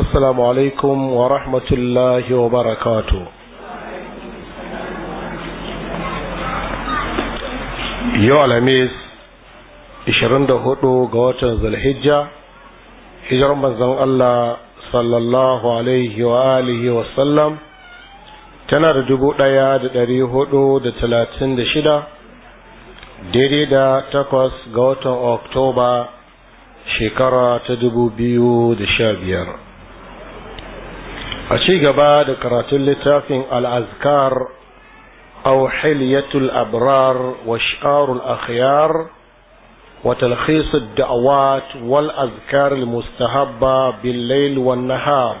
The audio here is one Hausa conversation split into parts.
السلام عليكم ورحمة الله وبركاته يو الهميس hudu ga watan zulhijja hijar manzon Allah sallallahu alaihi wa wa sallam tana da dubu ɗaya da ɗari hudu da talatin da shida daidai da takwas ga watan oktoba shekara ta dubu biyu da sha biyar أشي ci gaba da karatun littafin أو حلية الأبرار وشعار الأخيار وتلخيص الدعوات والأذكار المستهبة بالليل والنهار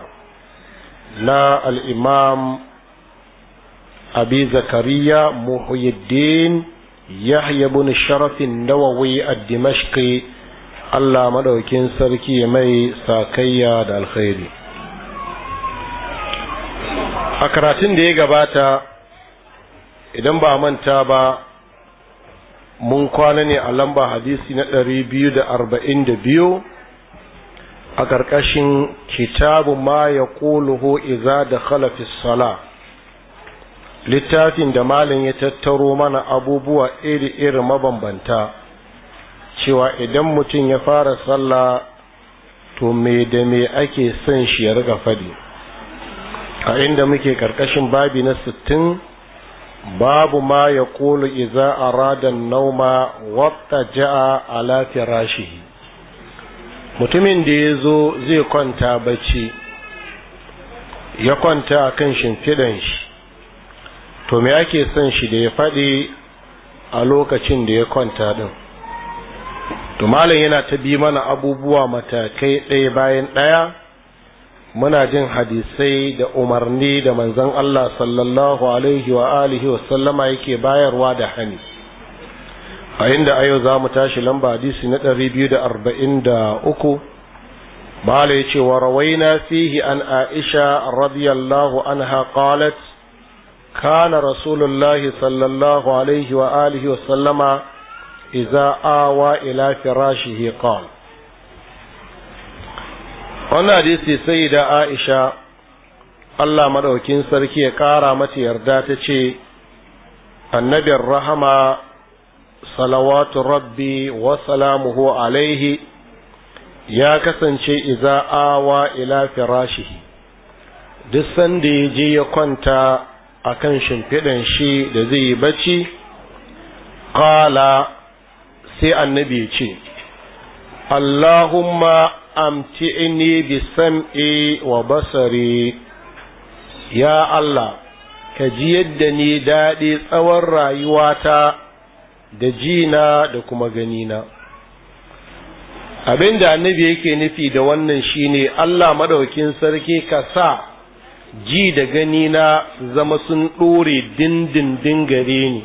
لا الإمام أبي زكريا محي الدين يحيى بن الشرف النووي الدمشقي الله مدوكين سركي مي ساكيا الخيري a karatun da ya gabata idan ba manta ba mun kwana ne a lamba hadisi na ɗari biyu da arba'in da biyu a ƙarƙashin kitabu ma ya ƙuluhu iza da khalafis sala littafin da malin ya tattaro mana abubuwa iri-iri mabambanta cewa idan mutum ya fara sallah to me da me ake son shi ya riga fadi a inda muke karkashin babi na sittin babu ma ya kolo iza a radan nauma wata ja'a ala firashihi mutumin da ya zo zai kwanta bacci ya kwanta a kan shimfiɗan shi to me ake son shi da ya faɗi a lokacin da ya kwanta ɗin to malam yana ta bi mana abubuwa matakai ɗaya bayan ɗaya muna jin hadisai da umarni da manzon Allah sallallahu alaihi wa alihi wa sallama yake bayarwa da hani a inda a yau za mu tashi lamba hadisi na ɗari biyu da arba'in da uku ce wa rawaina fihi an aisha radiyallahu anha qalat kana rasulullahi sallallahu alaihi wa alihi wa sallama iza awa ila firashihi qala wannan hadisi sai da aisha allah maɗaukin sarki ya ƙara mata yarda ta ce annabin rahama salawatu rabbi wa salamuhu alaihi ya kasance iza awa ila firashihi duk sanda ya je ya kwanta a kan shimfiɗan shi da zai yi bacci ƙala sai annabi ya ce allahumma amti'ni bi sam'i wa basari ya Allah ka ji yadda ni daɗi tsawon rayuwata da jina da kuma ganina abin da annabi yake nufi da wannan shine Allah madaukin sarki ka sa ji da ganina su zama sun ɗore dindindin gare ni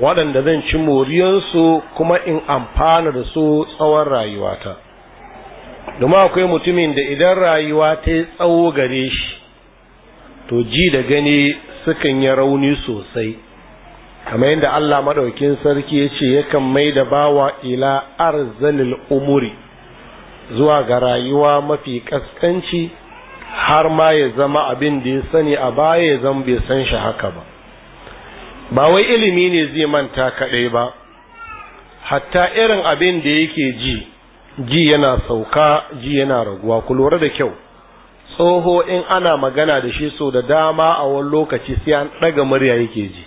waɗanda zan ci moriyansu kuma in amfana da su tsawon rayuwata domin akwai mutumin da idan rayuwa ta yi tsawo gare shi to ji da gani sukan yi rauni sosai kamar yadda Allah maɗaukin sarki ya ce yakan mai da bawa ila arzalil umuri zuwa ga rayuwa mafi ƙasƙanci har ma ya zama abin da ya sani a baya ya zama bai san shi haka ba ba wai ilimi ne zai manta kaɗai ba hatta irin abin da yake ji ji yana sauka ji yana raguwa ku lura da kyau tsoho in ana magana da shi so da dama a wani lokaci sai an ɗaga murya yake ji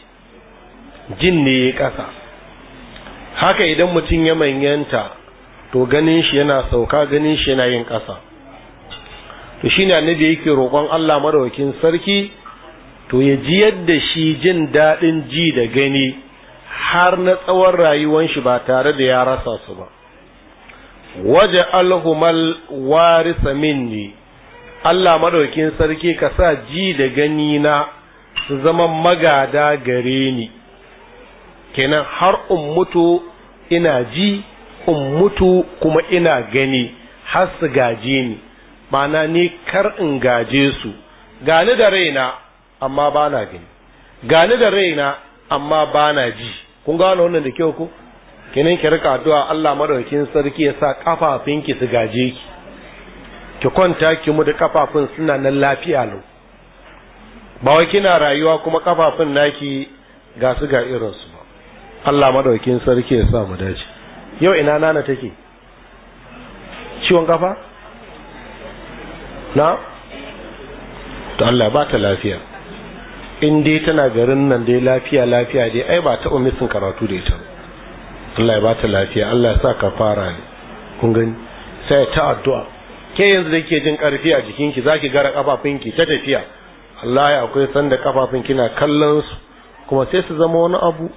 jin ne ya ƙasa haka idan mutum ya manyanta to ganin shi yana sauka ganin shi yana yin ƙasa to shi ne annabi yake roƙon Allah madawakin sarki to ya ji yadda shi jin daɗin ji da gani har na tsawon rayuwan shi ba tare da ya rasa su ba waje alhumal warisa minni Allah madaukin sarki ka sa ji da gani na su zama magada gare ni kenan har in mutu ina ji in mutu kuma ina gani har su gaje ni ma'ana ni kar in gaje su gani da raina amma bana gani gani da raina amma ba ji kun gano wannan da kyau ko kenan ki rika addu'a Allah madaukakin sarki ya sa ki su gaje ki ki kwanta ki mu da kafafun suna nan lafiya lau ba wai kina rayuwa kuma kafafun naki ga su ga irin su ba Allah madaukakin sarki ya sa mu dace yau ina nana take ciwon kafa na to Allah ba ta lafiya in dai tana garin nan dai lafiya lafiya dai ai ba ta umisin karatu da ita ba Allah ya bata lafiya Allah ya sa ka fara ne kun gani sai ta addu'a ke yanzu da ke jin karfi a jikinki zaki gara ki ta tafiya Allah ya akwai sanda kafafun kina kallon su kuma sai su zama wani abu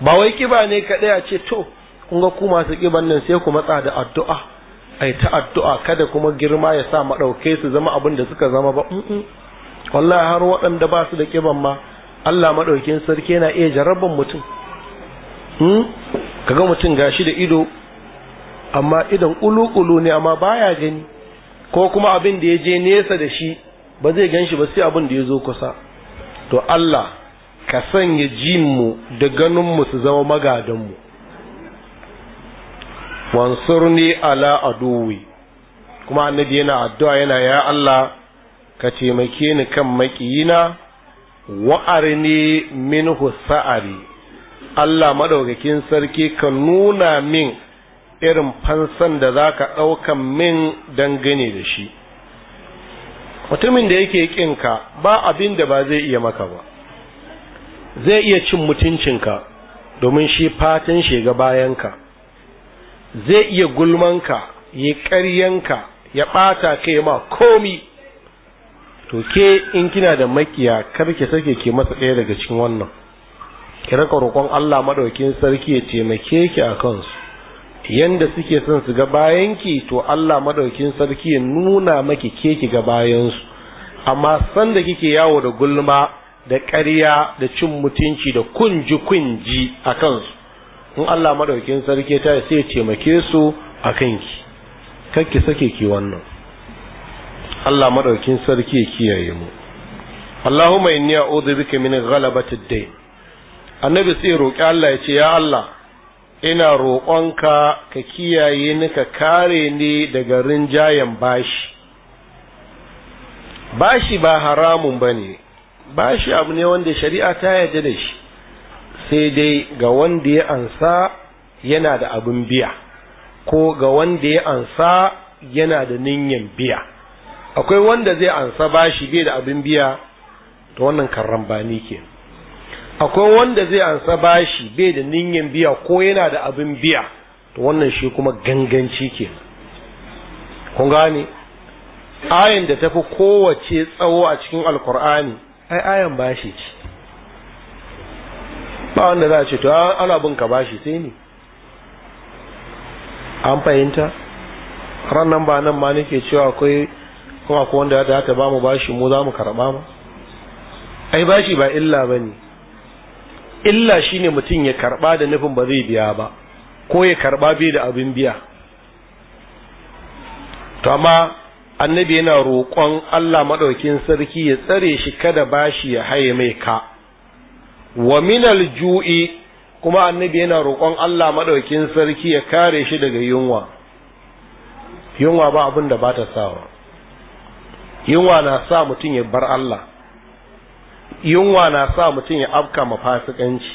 ba wai kiba ne kaɗai a ce to kun ga ku masu kiban nan sai ku matsa da addu'a ai ta addu'a kada kuma girma ya sa madauke su zama abin da suka zama ba wallahi har waɗanda ba su da kiban ma Allah madaukin sarki yana iya jarabar mutum hmm? kaga mutum gashi da ido amma idan ulu-ulu ne amma baya gani ko kuma abin da ya je nesa da shi ba zai gan shi ba sai abin da ya zo kusa to Allah ka sanya mu da ganinmu su zama mu. wansurni ala aduwi kuma annabi yana addu'a yana ya Allah ka taimake ni kan maƙiyina wa'arni minhu sa'ari Allah madaukakin sarki ka nuna min irin fansan da za ka ɗaukan min dangane da shi mutumin da yake ƙinka ba abin da ba zai iya maka ba zai iya cin mutuncinka domin shi fatan shiga bayanka zai iya gulman gulmanka ya ƙaryanka ya ɓata kai ma komi to ke in kina da makiya kar ki sake ke masa ɗaya daga cikin wannan ki raka roƙon Allah maɗaukin sarki ya taimake ki a kansu yanda suke son su ga bayan ki, to Allah maɗaukin sarki ya nuna maki ke ki ga bayansu amma san da kike yawo da gulma da ƙarya da cin mutunci da kunji kunji a kansu in Allah madaukin sarki ta sai ya taimake su a kanki kakki sake ki wannan Allah madaukin sarki ya kiyaye mu Allahumma inni a'udhu bika min ghalabati ad annabi sai roƙi Allah ya ce ya Allah ina roƙonka ka kiyaye ni ka kare ni daga rinjayen bashi bashi ba haramun ba ne bashi abu ne wanda shari'a ta yarda da shi sai dai ga wanda ya ansa yana da abin biya ko ga wanda ya ansa yana da ninyan biya akwai wanda zai ansa bashi bai da abin biya ta wannan karambani kenan akwai wanda zai ansa bashi bai da ninyan biya ko yana da abin biya to wannan shi kuma ganganci ke kun gane ayin da tafi kowace tsawo a cikin alkur'ani ai ayan bashi ce ba wanda za a ce to ana bin ka bashi sai ne an fahimta ranar ba nan ma nake cewa akwai kuma ko wanda ya ta ba mu bashi mu za mu karɓa mu ai bashi ba illa ba ne illa shine mutum ya karba da nufin ba zai biya ba ko ya karba bai da abin biya to amma annabi yana roƙon Allah madaukin sarki ya tsare shi kada bashi ya haye mai ka wa minal ju'i kuma annabi yana roƙon Allah madaukin sarki ya kare shi daga yunwa yunwa ba abin da ba ta sawa yunwa na sa mutum ya bar Allah yunwa na sa mutum ya afka mafasikanci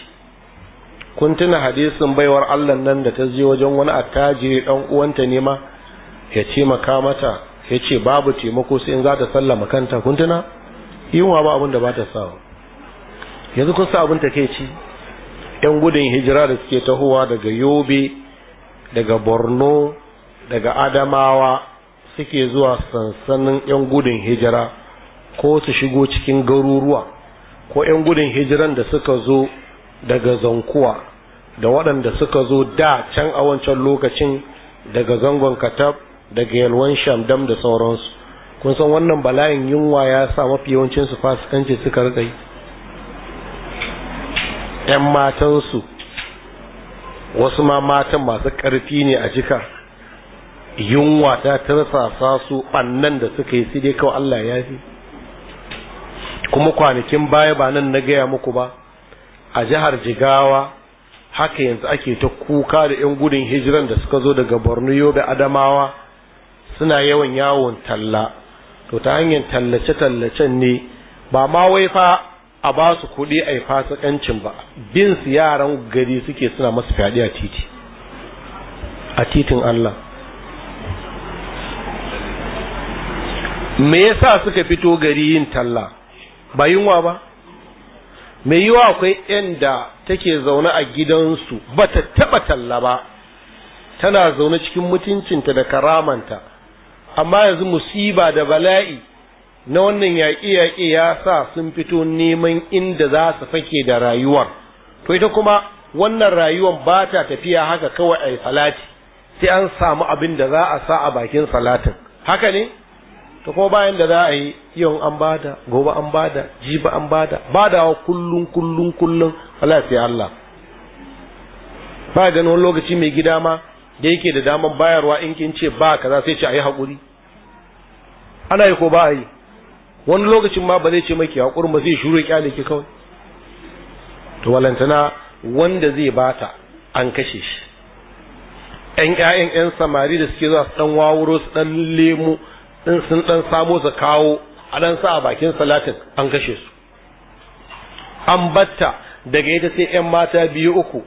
kun tuna hadisin baiwar Allah nan da ta je wajen wani attajiri dan uwanta ne ma ya ce maka mata ya ce babu taimako sai in za ta sallama kanta kun tuna yunwa ba abin da ba ta sawa yanzu kun sa abin ta ke ci yan gudun hijira da suke tahowa daga yobe daga borno daga adamawa suke zuwa sansanin yan gudun hijira ko su shigo cikin garuruwa ko 'yan gudun hijiran da suka zo daga zankuwa da waɗanda suka zo da can a wancan lokacin daga zangon katab daga yalwan shamdam da sauransu kun san wannan bala'in yunwa ya sa mafi yawancin su fasikanci suka rikai 'yan matansu wasu ma matan masu ƙarfi ne a jika yunwa ta tarsasa su ɓannan da suka yi sai dai kawai Allah ya fi kuma kwanakin baya ba nan na gaya muku ba a jihar jigawa haka yanzu ake ta kuka da 'yan gudun hijiran da suka zo daga borno yobe adamawa suna yawan yawon talla to ta hanyar tallace-tallacen ne ba ma wai fa a ba su kuɗi a yi fasikancin ba bin su yaran gari suke suna masu fyaɗe a titi a titin allah me yasa suka fito gari yin talla ba yunwa ba mai yiwa akwai yan da take zaune a gidansu ba ta taɓa talla ba tana zaune cikin mutuncinta da karamanta amma yanzu musiba da bala'i na wannan yaƙe-yaƙe ya sa sun fito neman inda za su fake da rayuwar to ita kuma wannan rayuwar ba ta tafiya haka kawai a yi salati sai an samu abin da za a sa a bakin salatin haka ne to kuma bayan da za a yi yau an bada gobe an bada jibi an bada badawa kullun kullun kullun Allah sai Allah ba ganin wani lokaci mai gida ma da yake da daman bayarwa in kin ce ba kaza sai ce yi hakuri ana yi ko ba a yi wani lokacin ma ba zai ce maki haƙurin ba zai shuru kyale ki kawai to walantana wanda zai bata an kashe shi ƴan ƴaƴan ƴan samari da suke zuwa su dan wawuro su dan lemo in sun dan samo su kawo a dan sa a bakin salatin an kashe su an batta daga ita sai yan mata biyu uku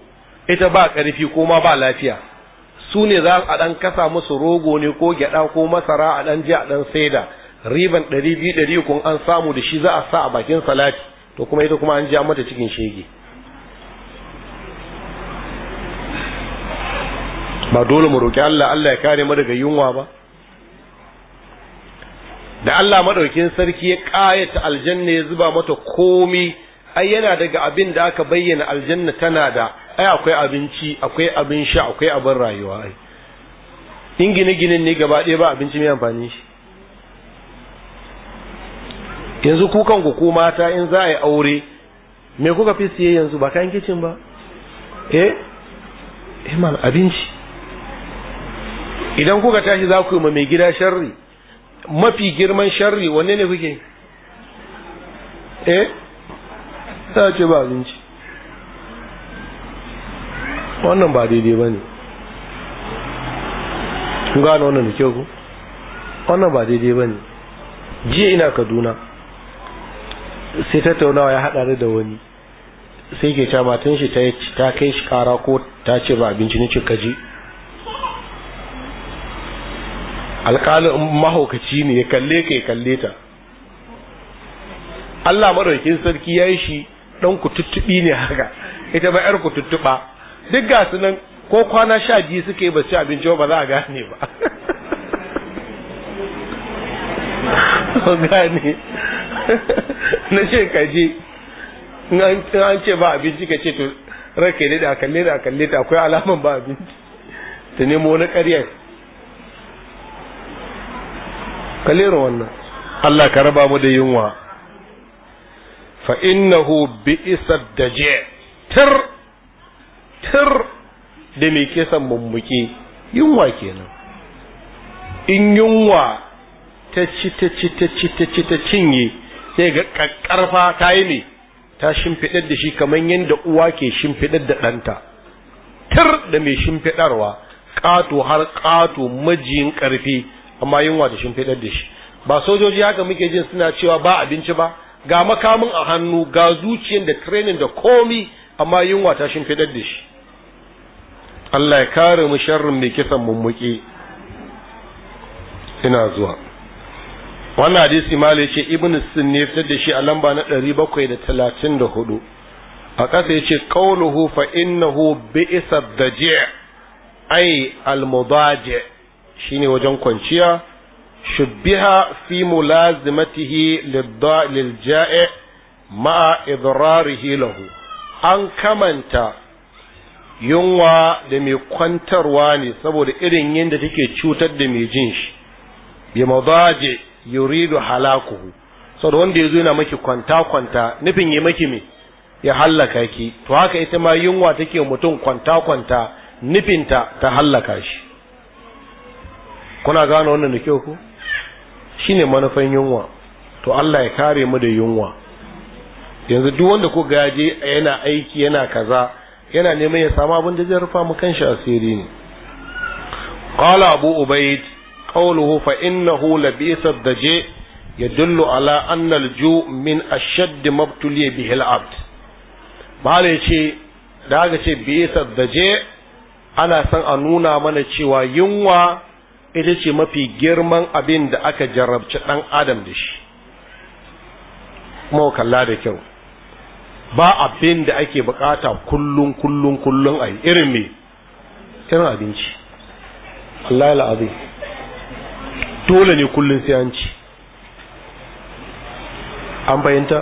ita ba karfi ko ma ba lafiya su ne za a dan kasa musu rogo ne ko gyada ko masara a dan je a dan saida riban 200 kun an samu da shi za a sa a bakin salati to kuma ita kuma an ja mata cikin shege ba dole mu roki Allah Allah ya kare mu daga yunwa ba da Allah madaukin sarki ya ƙayata aljanna ya zuba mata komi ai yana daga abin da aka bayyana aljanna tana da ai akwai abinci akwai abin sha akwai abin rayuwa ai in gine-ginen ne gaba ɗaya ba abinci mai amfani shi yanzu kukan ku ko mata in za a yi aure me kuka fi siye yanzu ba kayan kicin ba eh eh man abinci idan kuka tashi za ku yi ma mai gida sharri mafi girman sharri wanne ne kuke eh ta ce ba abinci wannan ba daidai ba ne kun gane wannan da kyau ku wannan ba daidai ba ne jiya ina kaduna sai tattaunawa ya haɗa da wani sai ke ce matan shi ta kai shi kara ko ta ce ba abinci ne ce kaji alƙalin mahaukaci ne ya kalle ka ya kalle ta Allah maraukin sarki ya yi shi ɗan kututtuɓi ne haka ita ba ƴar kututtuɓa duk ga su nan ko kwana sha biyu suka yi ba ci abinci ba za a gane ba gane na ce kaje an ce ba abinci ka ce to rake ne da kalle da kalle ta akwai alaman ba abinci ta nemo na ƙaryar kalera wannan Allah ka raba mu da yunwa fa innahu da daje tir tir da mai kisan mummuke yunwa kenan in yunwa ta ci ta ci ta ci ta ci ta cinye sai ga kakkarfa ta yi ne ta shimfiɗar da shi kamar yadda uwa ke shimfiɗar da ɗanta tir da mai shimfiɗarwa ƙato har ƙato majiyin ƙarfi amma yunwa da shimfiɗar da shi ba sojoji haka muke jin suna cewa ba abinci ba ga makamin a hannu ga zuciyar da training da komi amma yunwa ta shimfiɗar da shi Allah ya kare mu sharrin mai kisan mummuke ina zuwa wannan hadisi mali ya ce ibn ya ne fitar da shi a lamba na ɗari bakwai da talatin da hudu a ƙasa ya ce ƙauluhu fa innahu bi'isa da ai al-mudaji shine wajen kwanciya shubbiha fi mulazimatihi ma'a idrarihi lahu an kamanta yunwa da mai kwantarwa ne saboda irin yadda take cutar da mai jin shi bi madaje yuridu halakuhu saboda wanda ya zo yana maki kwanta kwanta nufin ya maki me ya hallaka ki to haka ita ma yunwa take mutum kwanta kwanta nufinta ta hallaka shi kuna gane wannan da kyau ku shine manufan yunwa to Allah ya kare mu da yunwa yanzu duk wanda ko gaje yana aiki yana kaza yana neman ya samu abin da zai rufa mu kanshi asiri ne qala abu ubayd qawluhu fa innahu labisa daje yadullu ala anna alju ju min ashadd mabtuli bihi alabd bale ce da aka ce bisa daje ana san a nuna mana cewa yunwa ita ce mafi girman abin da aka jarabci ɗan adam da shi kuma kalla da kyau ba abin da ake bukata kullum kullum kullum a yi irin me irin abinci Allah la'azim dole ne kullum sai an ci an fahimta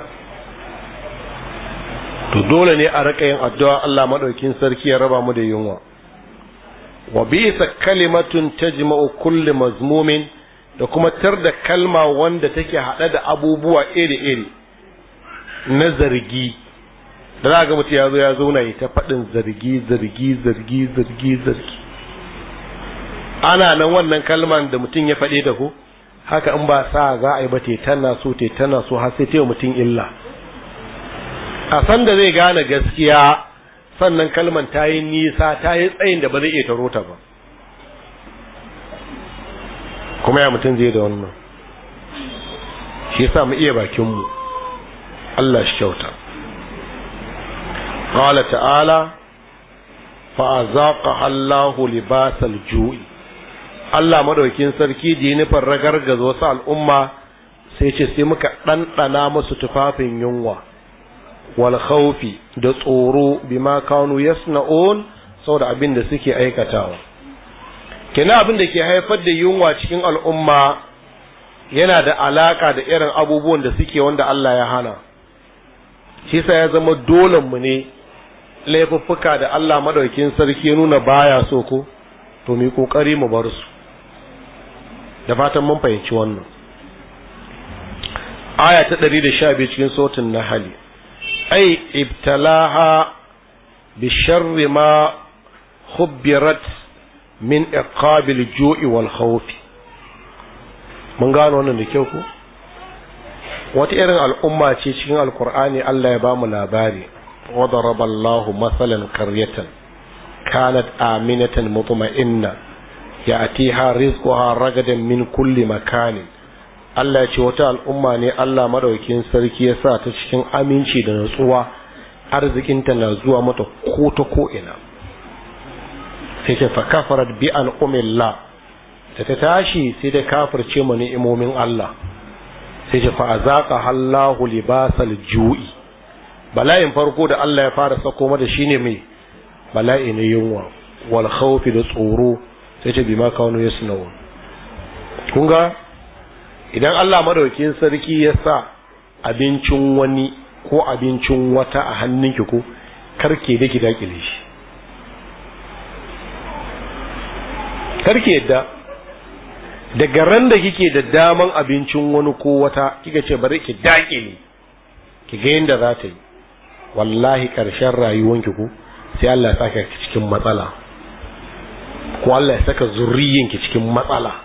to dole ne a raka yin addu'a Allah maɗaukin sarki ya raba mu da yunwa wa bisa kalimatun tajma'u kulli mazmumin da kuma tar da kalma wanda take haɗa da abubuwa iri-iri na zargi da za ga mutum ya zo ya zauna yi ta faɗin zargi zargi zargi zargi zargi ana nan wannan kalman da mutum ya faɗe da ku haka in ba sa za a yi ba tana so tana so har sai ta mutum illa a san da zai gane gaskiya sannan kalmar ta yi nisa ta yi tsayin da ba zai iya taro ta ba kuma ya mutum zai da wannan shi sa mu iya bakinmu Allah shi kyauta qala ta'ala fa azaqa Allahu libasal ju'i Allah maɗaukin sarki da nufin ragargaza wasu al'umma sai ce sai muka ɗanɗana musu tufafin yunwa wal da tsoro bima kanu yasna'un saboda abin da suke aikatawa kina abin da ke haifar da yunwa cikin al'umma yana da alaka da irin abubuwan da suke wanda Allah ya hana shi sa ya zama dole mu ne laifuffuka da Allah madaukin sarki nuna baya so ko to mu kokari mu bar su da fatan mun fahimci wannan aya ta 112 cikin sautin nahali ai ibtalaha bi sharri ma khubbirat min iqabil ju'i wal khawf mun gano wannan da kyau ko wata irin al'umma ce cikin alkur'ani Allah ya bamu labari وضرب الله مثلا قرية كانت آمنة مطمئنة يأتيها رزقها رغدا من كل مكان Allah ya ce wata al'umma ne Allah maɗaukin sarki ya sa ta cikin aminci da natsuwa arzikinta na zuwa mata ko ta ko ina sai ta fakafarat bi al'umillah umilla ta tashi sai ta kafirce ma ni'imomin Allah sai ta fa azaka Allahu libasal ju'i bala'in farko da Allah ya fara sako mata shine mai bala'i ne yunwa wal khawfi da tsoro sai ta bi ma kawo yasnawu kun ga idan Allah madaukin sarki ya sa abincin wani ko abincin wata a hannunki ko karke da ki dakile shi karke yadda daga ran da kike da daman abincin wani ko wata kika ce bari ki dakile ki ga yadda za ta yi wallahi karshen rayuwanki ko sai Allah ya saka cikin matsala ko Allah ya saka zurriyanki cikin matsala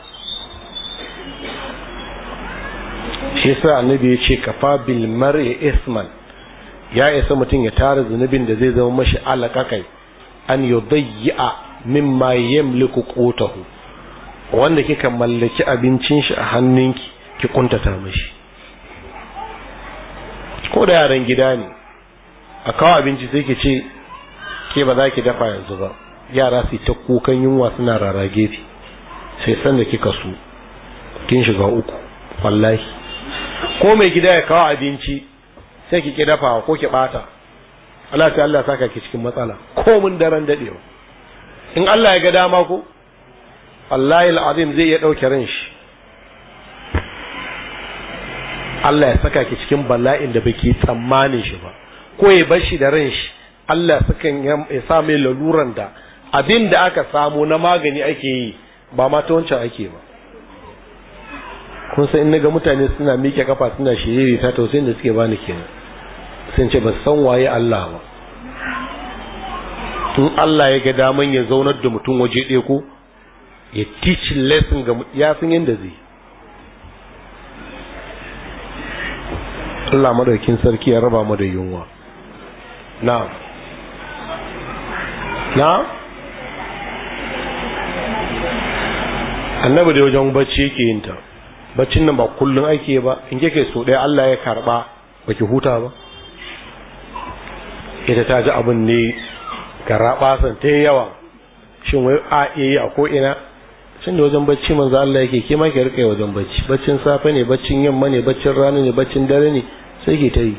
shi sa annabi ya ce kafa bil mar'i isman ya isa mutum ya tara zunubin da zai zama mashi alaka kai an yudayya mimma yamliku qutahu wanda kika mallaki abincin shi a hannunki ki kuntata mashi ko da yaran gida ne a kawo abinci sai ki ce ke ba za ki dafa yanzu ba yara su ta kukan yunwa suna rarage sai sanda kika so kin shiga uku wallahi ko mai gida ya kawo abinci sai ki ki ko ki bata Allah ta Allah saka ki cikin matsala ko mun daren dadewa in Allah ya ga dama ko wallahi alazim zai iya dauke ran shi Allah ya saka ki cikin bala'in da baki tsammanin shi ba ko ya bar shi da ran shi Allah ya sa mai laluran da abin da aka samu na magani ake yi ba ma ta wancan ake ba kun san in ga mutane suna miƙe kafa suna shiriri ta tausayin da suke bani kenan sun ce ba san waye Allah ba in Allah ya ga daman ya zaunar da mutum waje ɗaya ko ya teach lesson ga ya san yanda zai Allah madaukin sarki ya raba mu da yunwa na na annabi da wajen bacci yake yin ta baccin nan ba kullun ake ba in kike so ɗaya Allah ya karɓa, ba baki huta ba ita ta ji abin ne san ta yi yawa shin wai a yi a ko ina da wajen bacci manzo Allah yake ke ma ki rika wajen bacci baccin safe ne baccin yamma ne baccin rana ne baccin dare ne sai ki ta yi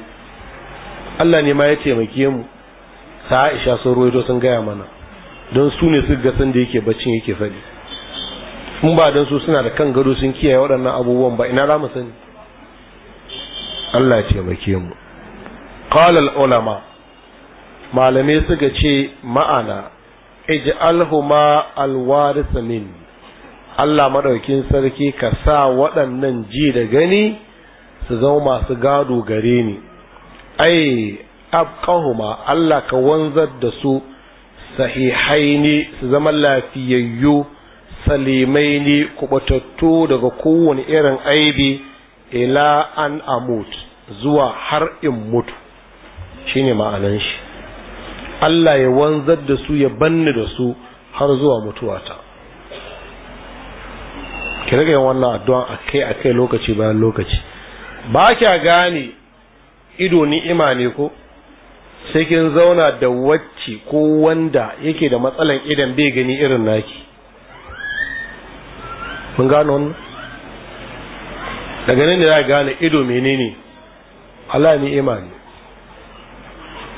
Allah ne ma ya taimake mu A Aisha sun ruwaito sun gaya mana don su ne su ga san da yake baccin yake faɗi mun ba don su suna da kan gado sun kiyaye waɗannan abubuwan ba ina za mu sani Allah ya taimake mu qala ulama malamai suka ce ma'ana ij'alhuma alwaris min Allah madaukin sarki ka sa waɗannan ji da gani su zama masu gado gare ni ai abqahuma Allah ka wanzar da su sahihaini su zama lafiyayyu salimaini kubatattu daga kowane irin aibi ila an amut zuwa har in mutu shine ma'anan shi Allah ya wanzar da su ya banni da su har zuwa mutuwata ki rage yin wannan addu'an kai-a kai lokaci bayan lokaci ba kya gane ido ni'ima ne ko sai kin zauna da wacce ko wanda yake da matsalan idan bai gani irin naki mun gano wannan daga nan ne za gane ido menene Allah ni imani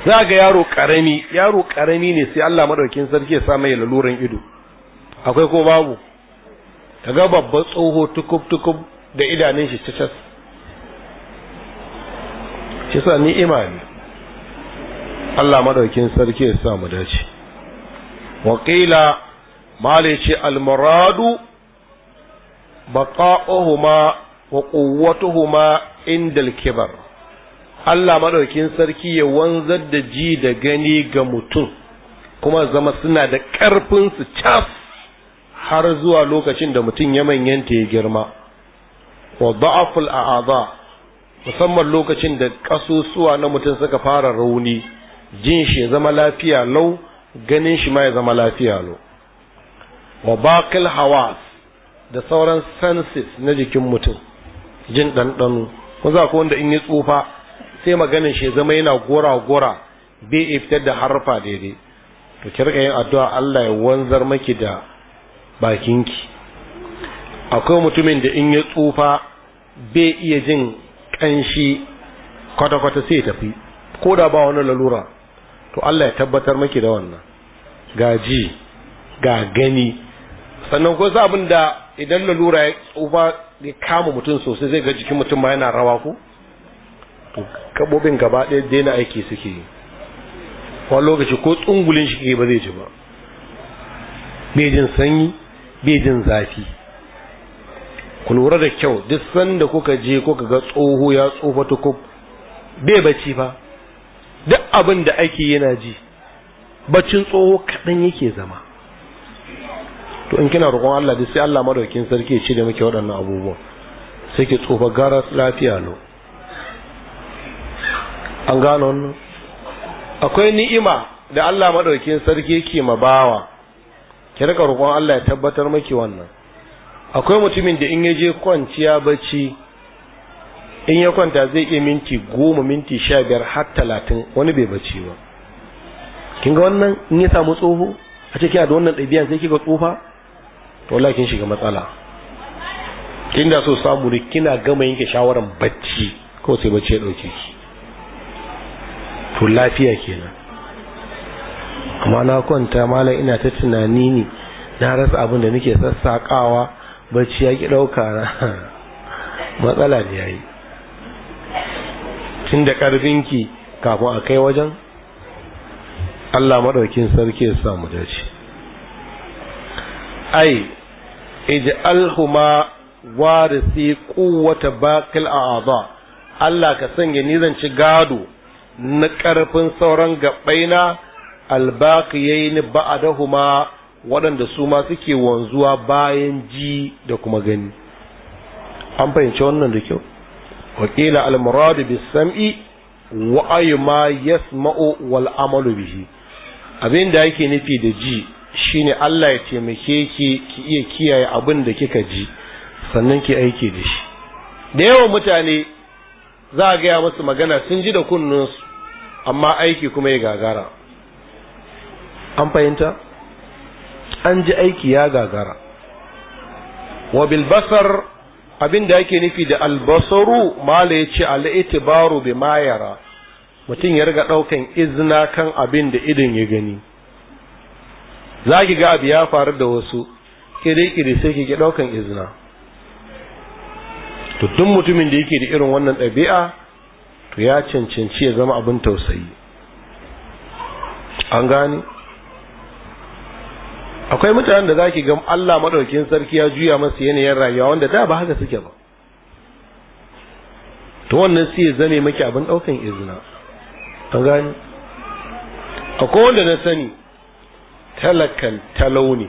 za ga yaro karami yaro karami ne sai Allah madaukin sarki ya sa mai laluran ido akwai ko babu kaga babban tsoho tukub tukub da idanun shi cicas shi sa ni imani Allah madaukin sarki ya sa mu dace wa qila malice al-muradu baqa'uhuma wa quwwatuhuma indal kibar Allah madaukin sarki ya wanzar da ji da gani ga mutum kuma zama suna da ƙarfin su cas har zuwa lokacin da mutum ya manyanta ya girma wa da'aful a'adha musamman lokacin da ƙasusuwa na mutum suka fara rauni jin shi ya zama lafiya lau ganin shi ma ya zama lafiya lau wa baqil hawas da sauran senses na jikin mutum jin ɗanɗano kun za ku wanda in yi tsufa sai maganin shi zama yana gora gora a fitar da harfa daidai to ki rika yin addu'a Allah ya wanzar maki da bakinki akwai mutumin da in yi tsufa bai iya jin ƙanshi kwata-kwata sai ya tafi ko da ba wani lalura to Allah ya tabbatar maki da wannan gaji ga gani sannan ko abin da idan lalura ya tsufa ya kama mutum sosai zai ga jikin mutum ma yana rawa ko kabobin gaba ɗaya daina aiki suke yi wani lokaci ko tsungulin shi ba zai ji ba bai jin sanyi bai jin zafi ku lura da kyau duk sanda kuka je kuka ga tsoho ya tsofa ku. bai bacci ba duk abin da ake yana ji baccin tsoho kaɗan yake zama to in kina roƙon Allah da sai Allah madaukin sarki ya cire miki waɗannan abubuwan sai ki tsofa garas lafiya lo an gano wannan akwai ni'ima da Allah madaukin sarki yake ma bawa ki rika roƙon Allah ya tabbatar miki wannan akwai mutumin da in ya je kwanciya bacci in ya kwanta zai iya minti goma minti sha biyar har talatin wani bai bacci ba kin ga wannan in ya samu tsoho a cikin da wannan ɗabi'a sai kika tsofa to kin shiga matsala kin da so samu ne kina gama yanke shawaran bacci ko sai bacci ya dauke ki to lafiya kenan amma na kwanta malam ina ta tunani ne na rasa abin da nake sassaƙawa bacci ya ki dauka na matsala ne yayi tun da ki kafin a kai wajen Allah madaukin sarki ya samu dace ai ij'alhuma warisi quwwata baqil a'dha Allah ka sanya ni zan ci gado na ƙarfin sauran gabaina albaqiyain ba'dahuma waɗanda su ma suke wanzuwa bayan ji da kuma gani an fahimci wannan da kyau wakila al-murad sam'i wa ayyuma yasma'u wal amalu bihi abin da yake nufi da ji shine Allah ya taimake ki ki iya kiyaye abin da kika ji sannan ki aiki da shi da yawan mutane za a gaya masu magana sun ji da kunnunsu amma aiki kuma ya gagara an fahimta an ji aiki ya gagara wa basar abin da yake nufi da albasaru mala ya ce al'itibaru bi mayara mutum ya riga ɗaukan izina kan abin da idin ya gani za ki ga abu ya faru da wasu kire-kire sai ki ɗaukan izina to duk mutumin da yake da irin wannan ɗabi'a to ya cancanci ya zama abin tausayi an gani akwai mutanen da za ki ga Allah maɗaukin sarki ya juya masu yanayin rayuwa wanda da ba haka suke ba to wannan sai ya zame maki abin ɗaukan izina an gani akwai wanda na sani talakan talau ne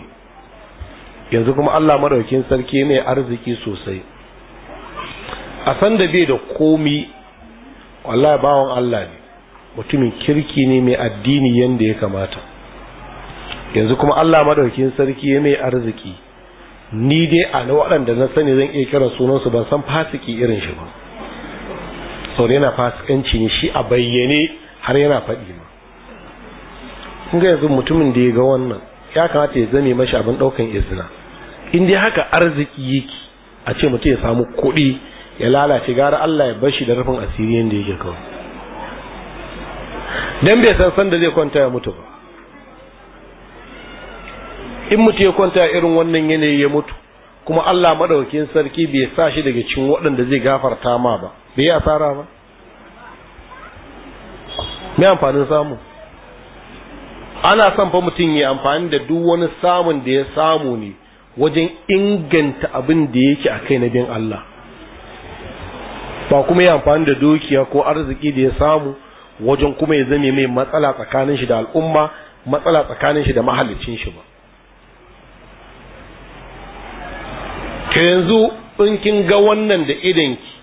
yanzu kuma Allah madaukin sarki mai arziki sosai a san da bai da komi wallahi bawan Allah ne mutumin kirki ne mai addini yanda ya kamata yanzu kuma Allah madaukin sarki ya mai arziki ni dai a na waɗanda na sani zan iya kira sunansu ban san fasiki irin shi ba sau da yana fasikanci ne shi a bayyane har yana faɗi kun ga yanzu mutumin da ya ga wannan ya kamata ya zame mashi abin daukan izina in dai haka arziki yake a ce mutum ya samu kuɗi ya lalace gara Allah ya bashi da rufin asiri yadda yake kawai dan bai san san da zai kwanta ya mutu ba in mutu ya kwanta irin wannan yanayi ya mutu kuma Allah madaukakin sarki bai sa shi daga cikin waɗanda zai gafarta ma ba bai yi asara ba me amfanin samu ana son fa mutum ya amfani da duk wani samun da ya samu ne wajen inganta abin da yake a kai na bin Allah ba kuma ya amfani da dukiya ko arziki da ya samu wajen kuma ya zame mai matsala tsakanin shi da al'umma matsala tsakanin shi da mahallicin shi ba ka yanzu in kin ga wannan da idanki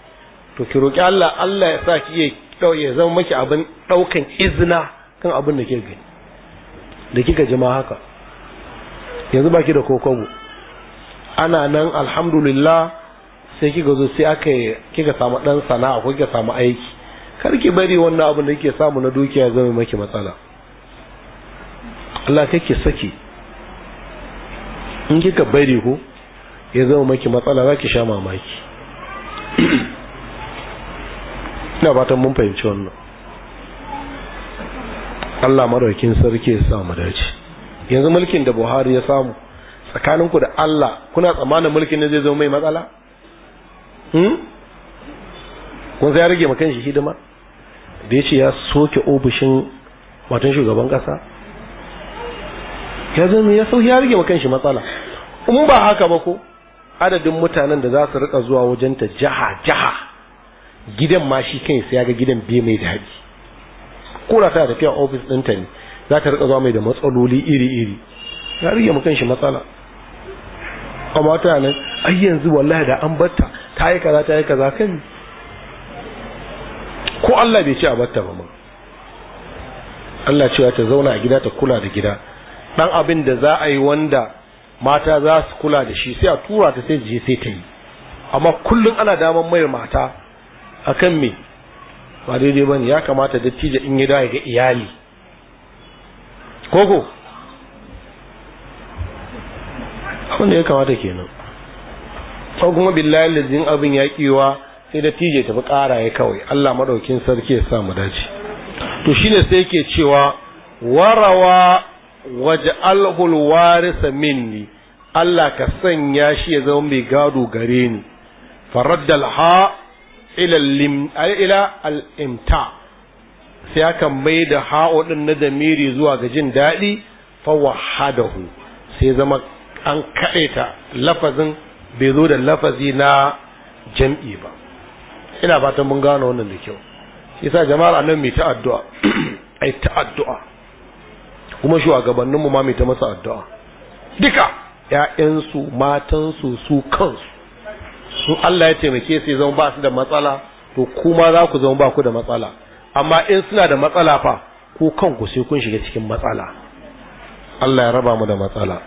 to ki roki Allah Allah ya sa ki ya zama maki abin ɗaukan izina kan abin da ke gani da kika jima haka yanzu baki da kokobo ana nan alhamdulillah sai kika zo sai aka kika samu dan sana'a ko kika samu aiki kar ki bari wannan abin da kike samu na dukiya ya zama maki matsala Allah kake saki in kika bari ko ya zama maki matsala za ki sha mamaki ina fatan mun fahimci wannan Allah maraukin sarki ya sa mu dace yanzu mulkin da Buhari ya samu tsakaninku da Allah kuna tsammanin mulkin ne zai zama mai matsala hmm kun sai ya rage maka shi hidima da ya ce ya soke ofishin watan shugaban kasa ya zama ya sauki ya rage maka shi matsala in ba haka ba ko adadin mutanen da za su rika zuwa wajenta jaha jaha gidan ma shi kai sai ya ga gidan bai mai daɗi kura ta tafiya ofis ta ne za ta rika zuwa mai da matsaloli iri-iri ya rige mu shi matsala amma ta nan ai yanzu wallahi da an batta ta yi kaza ta yi kaza kan ko Allah bai ce a batta ba ma Allah ce ta zauna a gida ta kula da gida dan abin da za a yi wanda mata za su kula da shi sai a tura ta sai je sai ta yi amma kullum ana daman mai mata akan me ba daidai bane ya kamata dattijo in yi dawo ga iyali koko abin ya kamata kenan ko kuma billahi lazin abin ya kiwa sai dattijo tafi ƙara ya kawai Allah maɗaukin sarki ya sa mu dace to shine sai ke cewa warawa waje waj'alhu alwarisa minni Allah ka sanya shi ya zama mai gado gare ni faradda ha ila al'imta sai aka mai da ɗin na damiri zuwa ga jin daɗi fawahadahu sai zama an ta lafazin bai zo da lafazi na jam'i ba ina fatan mun gano wannan da kyau yasa jama'ar nan mai ta addu'a ai ta addu'a kuma shugabanninmu ma mai ta masa addu'a duka ‘ya'yansu matansu su kansu in Allah ya taimake su zama ba su da matsala to kuma za ku zama ba ku da matsala amma in suna da matsala fa ku kanku sai kun shiga cikin matsala Allah ya raba mu da matsala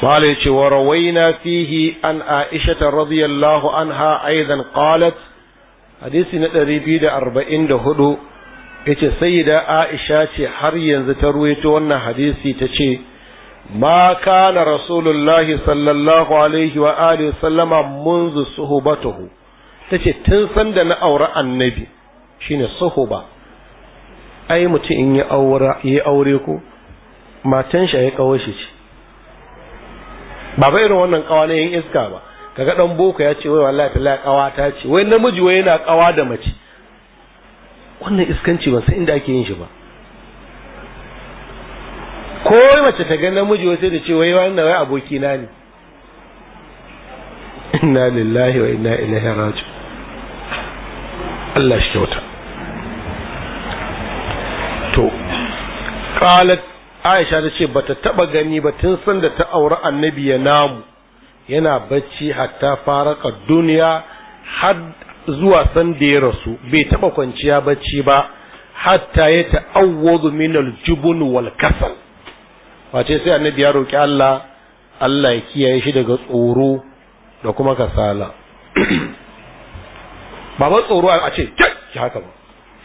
Malai wa rawaina fihi an Aisha ta radiyallahu anha aidan qalat hadisi na 244 yace sayyida Aisha ce har yanzu ta ruwaito wannan hadisi tace ما كان rasulullahi sallallahu alaihi wa alihi sallama munzu منذ tace tun san na aure annabi shine suhuba ai mutum in ya aure ya aure ko matan shi shi ce ba wannan kawa ne yin iska ba kaga dan boko ya ce wai wallahi ta kawa ta ce wai namiji wai yana da mace wannan iskanci ban san inda ake yin shi ba ko mace ta ga namiji wata da ce wai wannan wai aboki na ne inna lillahi wa inna ilaihi raji'un Allah shi kyauta to qalat Aisha ta ce bata taba gani ba tun san da ta auri annabi ya namu yana bacci hatta faraka duniya har zuwa san da ya rasu bai taɓa kwanciya bacci ba hatta ya ta'awwadu min al-jubun wal kasal face sai annabi ya roki Allah Allah ya kiyaye shi daga tsoro da kuma kasala ba ba tsoro a ce ki haka ba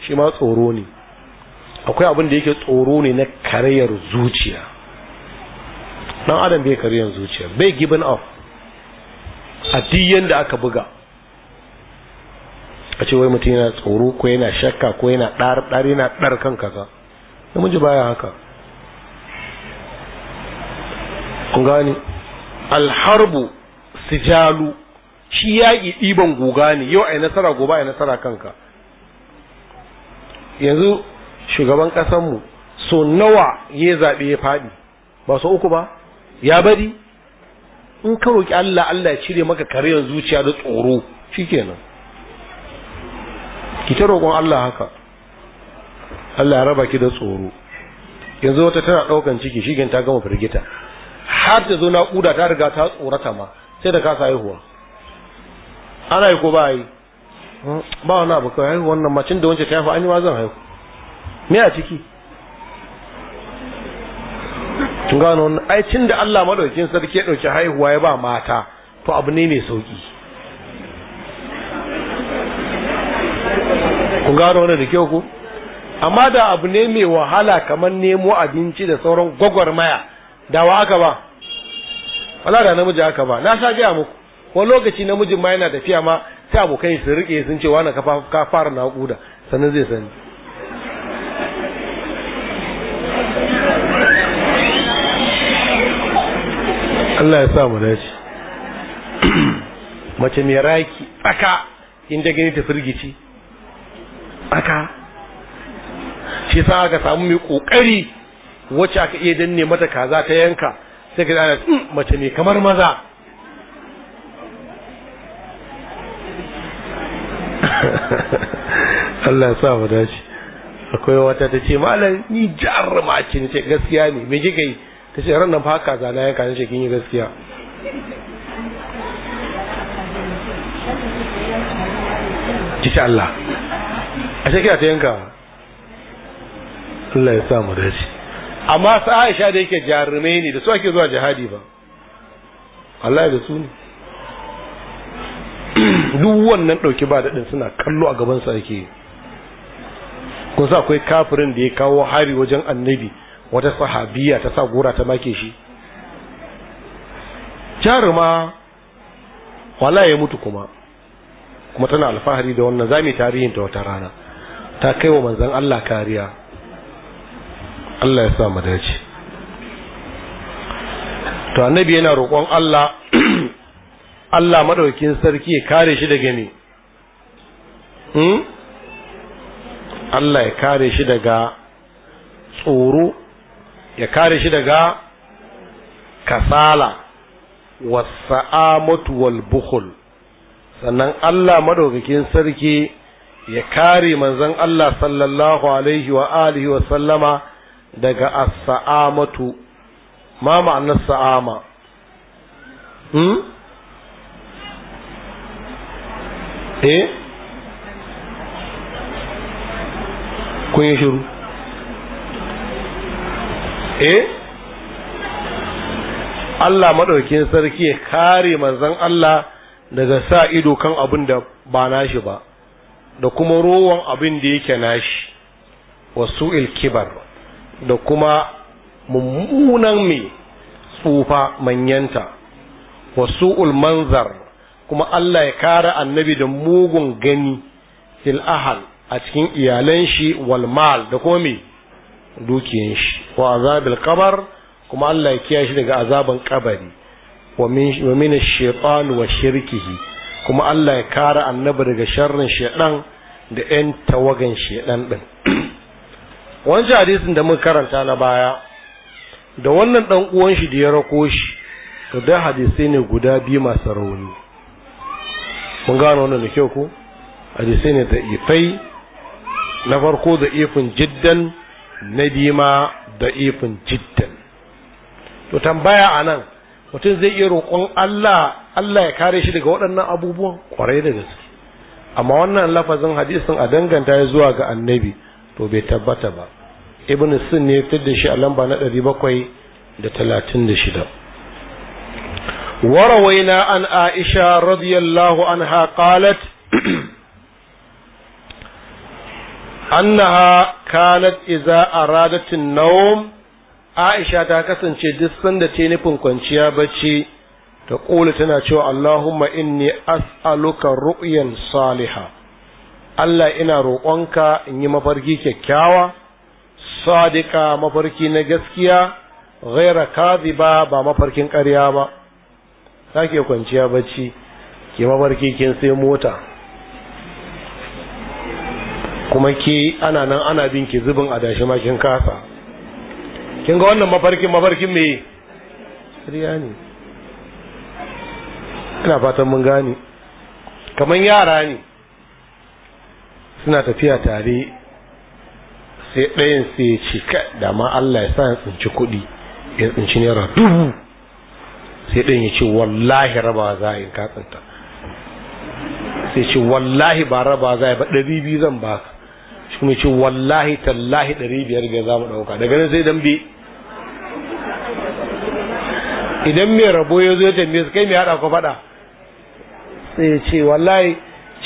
shi ma tsoro ne akwai abin da yake tsoro ne na kariyar zuciya dan adam bai kariyar zuciya bai given up a diyan da aka buga a ce wai mutum yana tsoro ko yana shakka ko yana ɗar ɗar yana ɗar kan kaza namiji baya haka kun gane alharbu sijalu shi yaƙi ɗiban guga ne yau ai nasara gobe ai nasara kanka yanzu shugaban ƙasanmu so nawa ya zaɓe ya faɗi ba so uku ba ya bari in ka roƙi Allah Allah ya cire maka kariyar zuciya da tsoro shikenan ki ta roƙon Allah haka Allah ya raba ki da tsoro yanzu wata tana ɗaukan ciki shigen ta gama firgita har ta zo naƙuda ta riga ta tsorata ma sai da kasa haihuwa ana yi ko ba yi hmm, ba wani abu kawai haihu wannan macin da wancan ta haihu an yi ma zan haihu me a ciki tun gano wani. ai cin da Allah madaukin sarki ya dauki haihuwa ya ba mata to abu ne mai sauki kun gano wani da kyau ko amma da abu ne mai wahala kamar nemo abinci da sauran gwagwarmaya da wa aka ba wala da namiji aka ba na sa gaya muku wani lokaci namijin ma yana tafiya ma sai abokai su rike sun ce wani ka fara naƙuda sannan zai sani Allah ya sa mu dace mace mai raki tsaka inda gani ta firgici tsaka shi sa aka samu mai kokari wacce aka iya danne mata kaza ta yanka sai ka ana hmm, mace ne kamar maza Allah ya sa mu dace akwai wata ta ce malam ni jarruma ce ne ce gaskiya ne me kike yi ta ce ran nan fa kaza na yanka ne ce kin yi gaskiya Kisha Allah a shekara ta yanka Allah ya sa mu dace amma su aisha da yake jarumai ne da su ake zuwa jihadi ba Allah da su ne duk wannan ɗauki ba daɗin suna kallo a gabansa ake yi kun sa akwai kafirin da ya kawo hari wajen annabi wata sahabiya ta sa gora ta make shi jaruma wala ya mutu kuma kuma tana alfahari da wannan zami tarihin ta wata rana ta kai wa manzan Allah kariya Allah ya sa mu dace to annabi yana roƙon Allah Allah madaukin sarki ya kare shi daga me hmm Allah ya kare shi daga tsoro ya kare shi daga kasala wasa'amatu wal bukhul sannan Allah madaukakin sarki ya kare manzon Allah sallallahu alaihi wa alihi wa sallama daga as-sa'amatu ma ma'anar sa'ama hmm eh kun yi shiru eh Allah maɗaukin sarki ya kare manzon Allah daga sa ido kan abin da ba nashi ba da kuma rowan abin da yake nashi wasu al-kibar. da kuma mummunan mai tsufa manyanta wasu ulmanzar kuma Allah ya kara annabi da mugun gani fil ahal a cikin iyalan shi walmal da kuma mai dukiyan shi wa azabil kabar kuma Allah ya kiyaye shi daga azaban kabari wa min shaitan wa shirkihi kuma Allah ya kara annabi daga sharrin shaitan da 'yan tawagan shaitan din wancan hadisin da muka karanta na baya da wannan dan uwan shi da ya rako shi to dai hadisai ne guda biyu masu rauni Kun gano wannan da kyau ko hadisai ne da ifai na farko da ifin jiddan na bima da ifin jiddan to tambaya anan mutum zai iya roƙon Allah Allah ya kare shi daga waɗannan abubuwan kwarai da gaske amma wannan lafazin hadisin a danganta ya zuwa ga annabi to bai tabbata ba ibn sun ne fitar da shi a lamba na ɗari bakwai da talatin da shida warawaina an aisha radiyallahu anha qalat annaha kanat iza aradatin naum aisha ta kasance duk sanda ta nufin kwanciya bacci ta kula tana cewa allahumma inni as'aluka ru'yan salihah Allah ina roƙonka in yi mafarki kyakkyawa sadika mafarki na gaskiya ghaira Kazi ba ba mafarkin ƙarya ba sake kwanciya bacci ke mafarki kin sai mota kuma ke ana nan ana bin ki zubin adashi ma kin kasa kin ga wannan mafarkin mafarkin me ƙarya ne ina fatan mun gane kamar yara ne suna tafiya tare sai ɗayan sai ya ce ka da ma Allah ya sa ya tsinci kuɗi ya tsinci naira dubu sai ɗayan ya ce wallahi raba za a yi ka tsinta sai ce wallahi ba raba za a yi ba ɗari biyu zan ba ka shi kuma ce wallahi tallahi ɗari biyar ga za mu ɗauka daga nan sai dan bi idan mai rabo ya zo ya tambaye su kai mai haɗa ko faɗa sai ya ce wallahi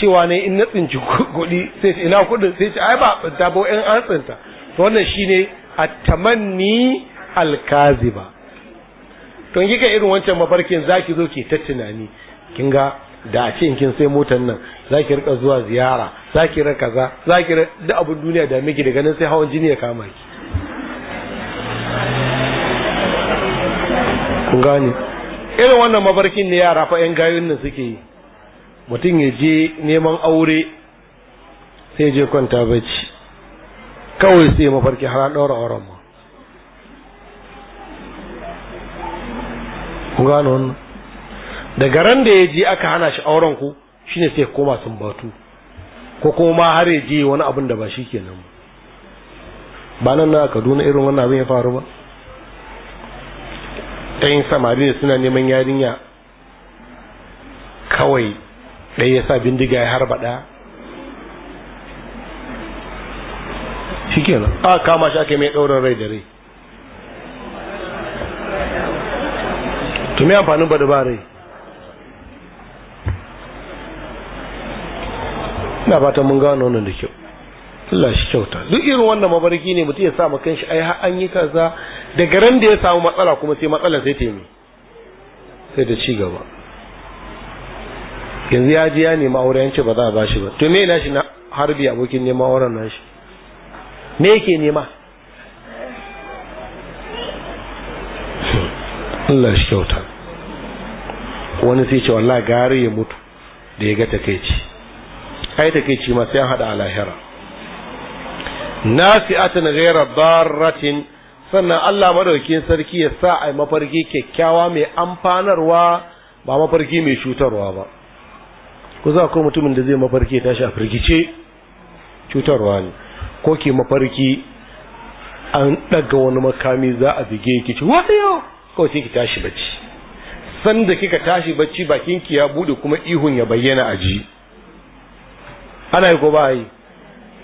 cewa ne in na tsinci kuɗi sai ce ina kuɗin sai ce ai ba tsinta ba in an tsinta to wannan shine a tamanni al ba. to kika irin wancan mafarkin zaki zo ki ta tunani kin ga da a ce kin sai motar nan zaki rika zuwa ziyara zaki rika kaza zaki da abun duniya da miki daga nan sai hawan jini ya kama ki irin wannan mabarkin ne yara fa yan gayon nan suke yi mutum ya je neman aure sai je kwanta bacci kawai sai mafarki har ɗaura auren ma ku gano wannan daga ran da ya je aka hana shi auren ku shine sai koma sun batu ko kuma har ya je wani abin da ba shi kenan ba nan na kaduna irin wannan abin ya faru ba ɗayan samari ne suna neman yarinya kawai ɗaya ya sa bindiga ya harba ɗaya shi ke nan a kama shi ake mai ɗaurin rai da rai to me amfanin ba da ba rai ina fata mun gano nan da kyau Allah shi kyauta duk irin wannan mabarki ne mutum ya sa kan shi ai an yi kaza daga ran da ya samu matsala kuma sai matsalar sai ta yi sai da ci gaba yanzu ya ji ya nema aure yance ba za a bashi ba to me na shi na harbi abokin nema auren na shi me yake nema Allah shi kyauta wani sai ce wallahi gari ya mutu da ya ga takeici ai takeici ma sai an hada alahira nasi'atan ghayra darratin sannan Allah madaukin sarki ya sa ai mafarki kyakkyawa mai amfanarwa ba mafarki mai cutarwa ba ko za akwai mutumin da zai mafarki ya tashi a firgice cutarwa ne ko ke mafarki an ɗaga wani makami za a bige ki ci wayo ko sai ki tashi bacci sanda kika tashi bacci bakin ki ya bude kuma ihun ya bayyana a ji ana yi ko ba yi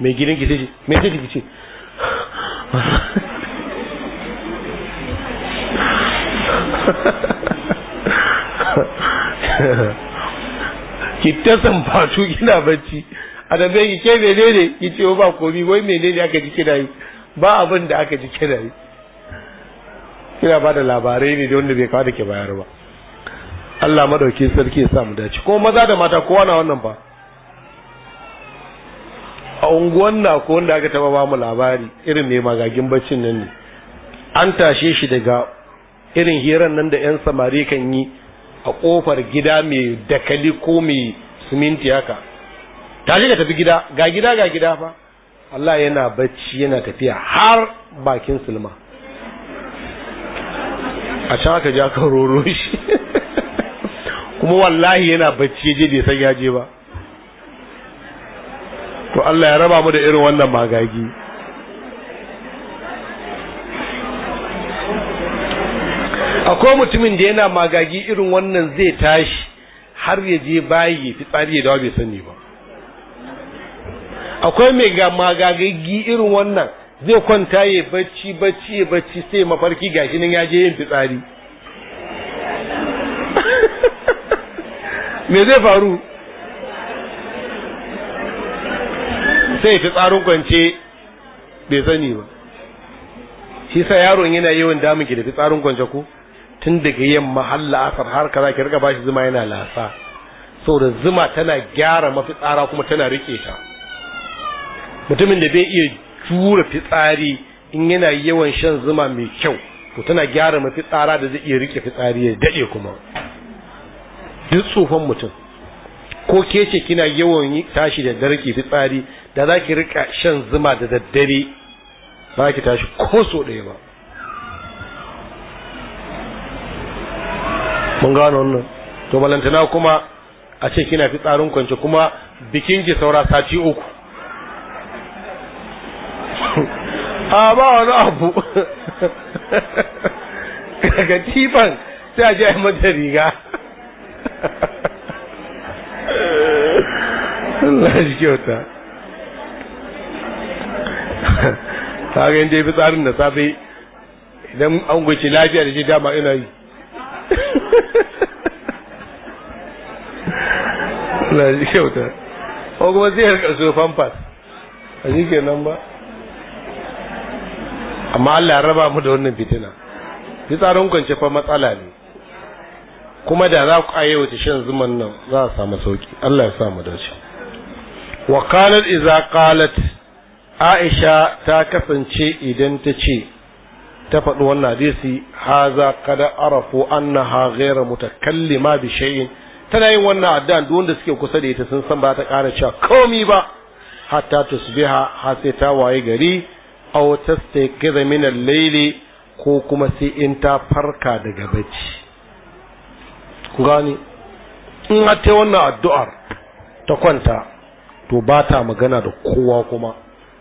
mai gidan ki ce mai ce ki ce ha ki ta samfatu kina bacci a da zai ke menene ki ce ba komi wai menene aka ji kina yi ba abin da aka ji kina yi kina ba da labarai ne da wanda bai kawo da ke bayar ba Allah madaukin sarki ya sa mu dace ko maza da mata kowa na wannan ba a unguwan na ko wanda aka taba ba mu labari irin mai magagin baccin nan ne an tashe shi daga irin hirar nan da yan samari kan yi a kofar gida mai dakali ko mai siminti haka shi ka tafi gida ga gida ga gida fa Allah yana bacci yana tafiya har bakin sulma a can aka ja kan roro shi kuma wallahi yana bacci je bai san ya je ba to Allah ya raba mu da irin wannan magagi akwai mutumin da yana magagi irin wannan zai tashi har ya je bayi tsari ya dawo bai sani ba akwai mai ga magagaggi irin wannan zai kwanta ya bacci bacci ya bacci sai mafarki gashi nan ya je yin fitsari me zai faru sai fitsarin kwance bai sani ba shi sa yaron yana yawan damun ki da fitsarin kwance ko tun daga yamma har la'asar har kaza ki riga bashi zuma yana lasa saboda zuma tana gyara mafitsara kuma tana rike ta mutumin da bai iya jura fitsari in yana yawan shan zuma mai kyau to tana gyara mafitsara da zai iya rike fitsari ya dade kuma duk tsufan mutum ko ke ce kina yawan tashi da dare fitsari da za ki rika shan zuma da daddare ba ki tashi ko so ɗaya ba mun gano wannan to balantana kuma a ce kina fi tsarin kwance kuma bikin ki saura sati uku a ba wani abu ga tifan sai a ji a mata riga Allah shi kyauta ta ga yadda ya fi tsarin da safe idan an gwace lafiya da shi dama ina yi na ji kyauta ko kuma zai harka su famfas a shi ke nan ba amma allah raba mu da wannan fitina tsarin kwanci fa matsala ne kuma da za ku ayyauta shan zuman nan za a samu sauki allah ya samu dace wa qalat iza qalat aisha ta kasance idan ta ce ta faɗi wannan hadisi haza kada arafu annaha ghayra mutakallima bi shay'in tana yin wannan addu'an duk wanda suke kusa da ita sun san ba ta ƙara cewa komi ba hatta tusbiha ha sai ta waye gari aw tastayqiza min al-layli ko kuma sai in ta farka daga bacci ku gani in ta wannan addu'ar ta kwanta to ba ta magana da kowa kuma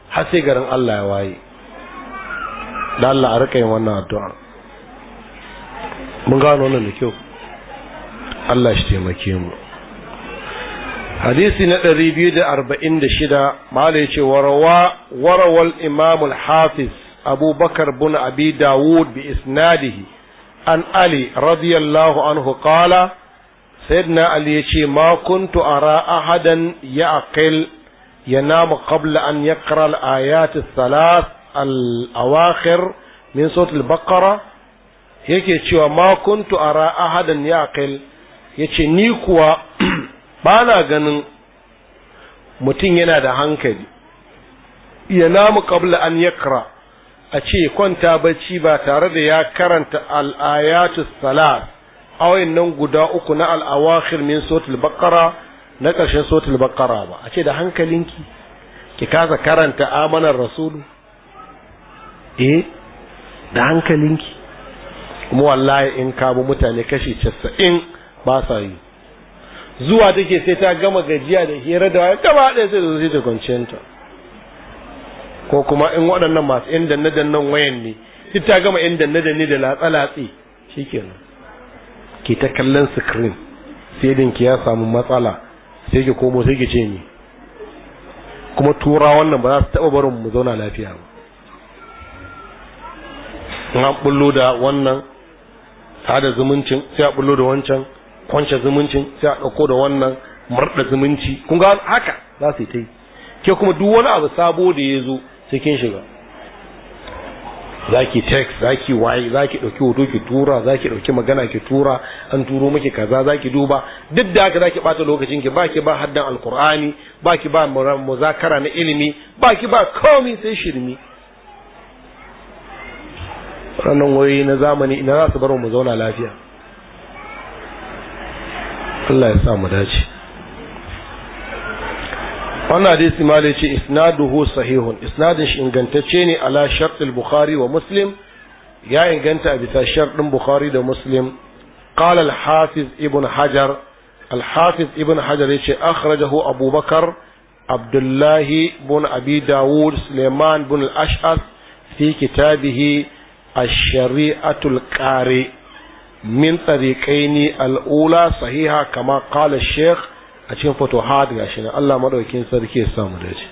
har sai garin Allah ya waye da Allah a rika yin wannan addu'a mun gano wannan da kyau Allah shi taimake mu hadisi na 246 mala yace warawa warawal imam al-hafiz Abubakar bin Abi Dawud bi isnadihi an Ali radiyallahu anhu qala sayyidina Ali yace ma kuntu ara ahadan ya yanamu qabla an yaqra al-ayat thalath al-awakhir min suratul yake cewa ma kuntu ara ahadan yaqil yace ni kuwa ba na ganin mutum yana da hankali ya namu kabla an yakra a ce kwanta bacci ba tare da ya karanta al-ayatu salat awayin nan guda uku na al-awakhir min suratul baqara na ƙarshen suratul baqara ba a ce da hankalinki ki kasa karanta amanar rasulu eh da hankalinki kuma wallahi in ka mutane kashi casa'in ba sa yi zuwa take sai ta gama gajiya da hira da waya gaba ɗaya sai da zai da kwanciyanta ko kuma in waɗannan masu yan danne dannan wayan ne sai ta gama yan danne danne da latsa latsi shikenan ki ta kallon screen sai din ki ya samu matsala sai ki komo sai ki ce ni kuma tura wannan ba za su taɓa barin mu zauna lafiya ba in an bullo da wannan sada zumuncin sai a bullo da wancan kwance zumuncin sai a ɗauko da wannan murda zumunci kun ga haka za su yi ta yi ke kuma duk wani abu sabo da ya zo sai kin shiga za text za ki waye za ki ɗauki hoto ki tura za ki ɗauki magana ki tura an turo miki kaza zaki duba duk da haka zaki bata lokacin ki baki ba haddan alkur'ani ba ba muzakara na ilimi baki ba komai sai shirmi waɗannan wayoyi na zamani ina za su bar mu zauna lafiya Allah ya sa mu dace wannan hadisi ma ce isnaduhu sahihun isnadin shi ingantacce ne ala shartil bukhari wa muslim ya inganta a bisa shartin bukhari da muslim قال الحافظ ابن حجر الحافظ ابن حجر يشي أخرجه أبو بكر عبد الله بن أبي داود سليمان بن الأشعث في كتابه الشريعة القارئ من طريقين الأولى صحيحة كما قال الشيخ أتين فتوحات غاشنا الله مدوكين سركي السلام عليكم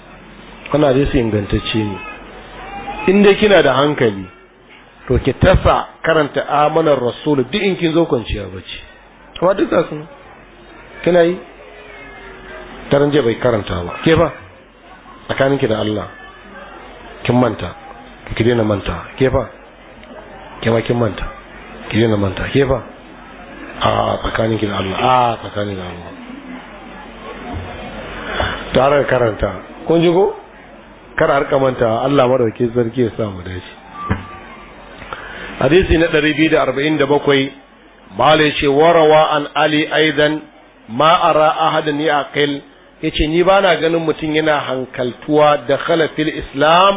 أنا ديسي ingantacce in dai kina da hankali to ki tasa karanta amanar rasul duk in kin zo kwanciya bacci amma duk kina yi daren bai karanta ba ke ba ki da Allah kin manta ki daina manta ke fa ke ma kin manta ki na manta ke fa a tsakanin ki da Allah a tsakanin da Allah tare da karanta kun ji ko kar harka manta Allah madauke sarki ya sa mu dace hadisi na 247 bale ce warawa an ali aidan ma ara ahadan ya yace ni bana ganin mutum yana hankaltuwa da khalafil islam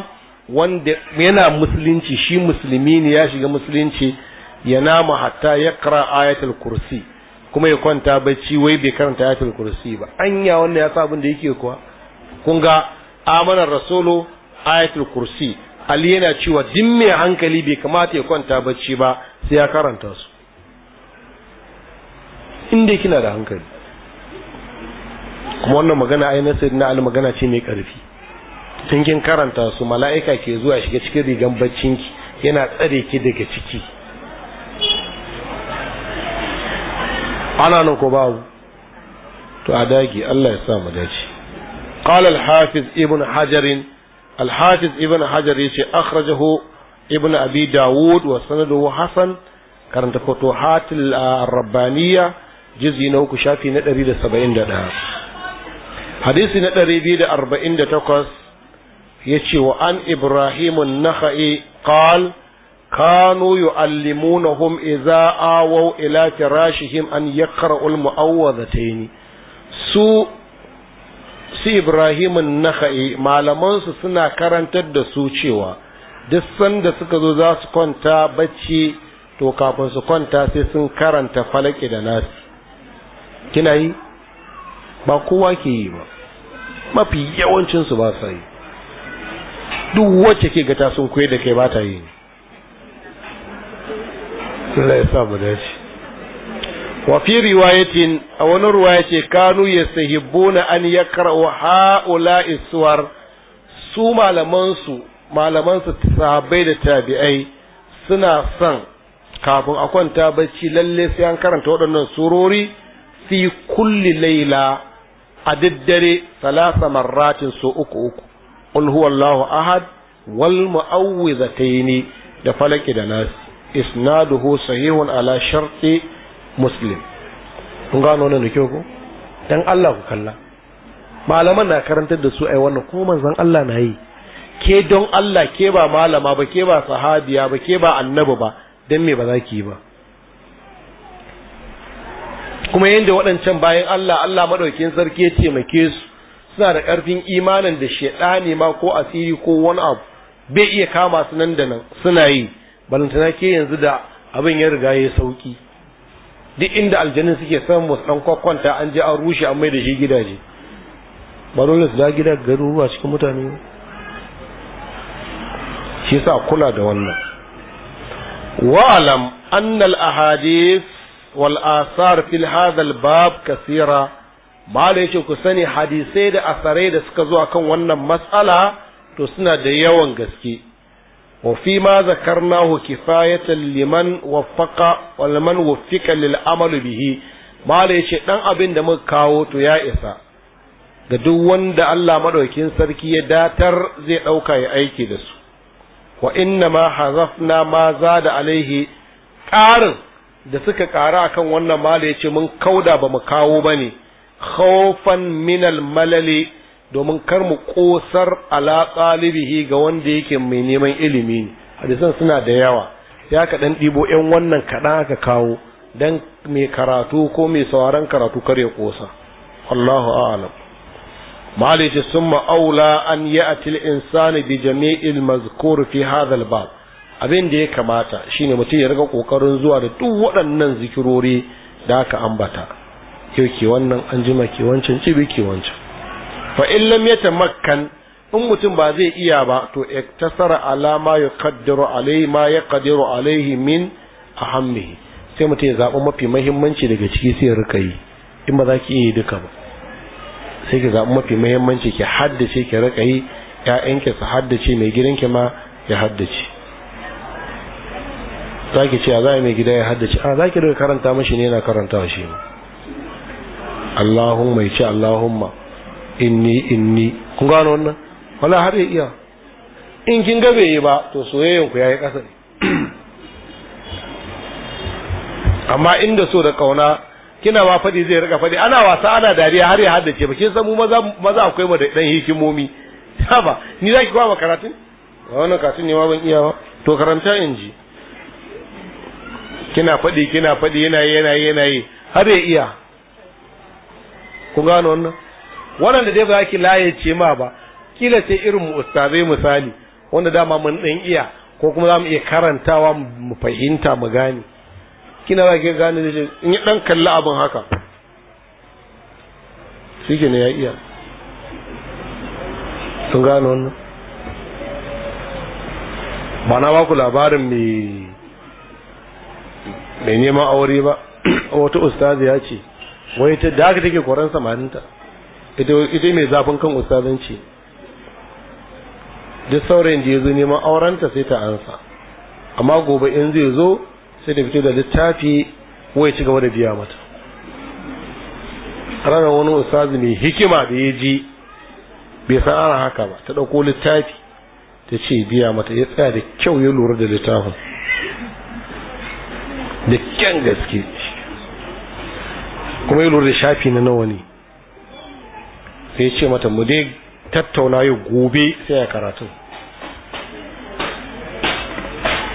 wanda yana musulunci shi musulmi ne ya shiga musulunci ya nama hatta ya kara ayatul kursi kuma ya kwanta bacci wai bai karanta ayatul kursi ba anya wannan ya sabu da yake kuwa kun ga amanar rasulu ayatul kursi ali yana cewa duk mai hankali bai kamata ya kwanta bacci ba sai ya karanta su inda kina da hankali kuma wannan magana ainihin na sayyidina ali magana ce mai karfi tun kin karanta su mala'ika ke zuwa shiga cikin rigan baccinki yana tsare ki daga ciki ana nan ko babu to a dagi Allah ya sa mu dace قال الحافظ ابن حجر الحافظ ابن حجر يشي أخرجه ابن أبي داود وسنده حسن كانت فتوحات الربانية جزء نوك شافي ندري سبعين دا حديث ندري أربعين دا yace wa an ibrahim an-nakhai qal kanu yu'allimunahum idza awaw ila tirashihim an yaqra'u al-mu'awwadhatayn su su ibrahim an-nakhai malaman su suna karantar da su cewa duk sanda suka zo za su kwanta bacci to kafin su kwanta sai sun karanta falaki da nasi kina yi ba kowa ke yi ba mafi yawancinsu ba sa yi duk wacce ke ga sun koyar da kai ba ta yi Allah wa fi riwayatin a wani ruwaya ce kanu na an ya ha'ula'i ha'ula su su malamansu su sahabbai da tabi'ai suna son kafin a kwanta bacci lalle sai an karanta waɗannan surori fi kulli laila a daddare salasa marratin so uku uku قل هو ahad wal والمؤوذتين da دناس da صحيح على شرط ala sharti muslim kun gano wannan da kyau ko Allah ku kalla malaman na karantar da su ai wannan ko manzon Allah na yi ke don Allah ke ba malama ba ke ba sahabiya ba ke ba annabi ba dan me ba za ki yi ba kuma yadda waɗancan bayan Allah Allah maɗaukin sarki ya taimake su suna da ƙarfin imanin da shaɗani ma ko asiri ko wani abu bai iya kama su nan da nan suna yi balantana ke yanzu da abin ya riga ya sauki duk inda aljanin suke samun musu ɗan kwakwanta an je an rushe an mai da shi gidaje ba su da gida garuruwa cikin mutane shi sa kula da wannan wa'alam annal a wal asar fil hadal bab kasira mala yake ku sani hadisai da asarai da suka zo kan wannan matsala to suna da yawan gaske wa fi ma zakarnahu kifayatan liman waffaqa wa liman wuffika lil amal bihi mala yake dan abin da muka kawo to ya isa ga duk wanda Allah madaukin sarki ya datar zai dauka ya aiki da su wa inna ma hazafna ma zada alaihi ƙarin da suka ƙara akan wannan mala yace mun kauda ba mu kawo bane khawfan minal al-malali domin kar mu kosar ala talibihi ga wanda yake mai neman ilimi ne hadisan suna da yawa ya ka dan dibo yan wannan kaɗan aka kawo dan mai karatu ko mai sauraron karatu kar ya kosa Allahu a'lam malice summa aula an ya'ti al-insani bi jami'il mazkur fi hadha al-bab abin da ya kamata shine mutum ya riga kokarin zuwa da duk waɗannan zikirori da aka ambata ke wannan an jima ke wancan cibi ke wancan fa in lam yatamakkan in mutum ba zai iya ba to iktasara ala ma yaqdiru alaihi ma yaqdiru alaihi min ahammihi sai mutum ya zaɓi mafi muhimmanci daga ciki sai ya rika yi in ba za ki iya yi duka ba sai ki zaɓi mafi muhimmanci ki haddace ki rika yi ƴaƴanki su haddace mai gidanki ma ya haddace za ki ce a za mai gida ya haddace a za ki rika karanta mashi ne yana karanta shi ne Allahumma ya ce Allahumma inni inni kun gano wannan wala har ya iya in kin ga bai yi ba to soyayyen ku yayi kasa amma inda so da kauna kina ba fadi zai rika fadi ana wasa ana dariya har ya haddace ba kin san mu maza maza akwai mu da dan hikimomi haba ni zaki kwa ma karatu wannan karatun ne ma ban iya ba to karanta in ji kina fadi kina fadi yana yana yana yi har ya iya kun gano wannan waɗanda dai ba za ki ce ma ba kila sai irin mu ustazai misali wanda dama mun ɗan iya ko kuma za mu iya karantawa mu fahimta mu gane kina za ki gane da in yi ɗan kalli abin haka shi ne ya iya sun gano wannan ba na baku labarin mai neman aure ba wata ustazi ya ce wai ta da haka take koran samarinta ita ita mai zafin kan ustazanci duk saurayin da ya zo neman aurenta sai ta ansa amma gobe in zai zo sai ta fito da littafi wai ci gaba da biya mata ranar wani ustazi mai hikima da ya ji bai san ana haka ba ta ɗauko littafi ta ce biya mata ya tsaya da kyau ya lura da littafin da kyan gaske kuma ya lura da shafi na nawa ne sai ce mata mu dai tattauna yau gobe sai ya karatu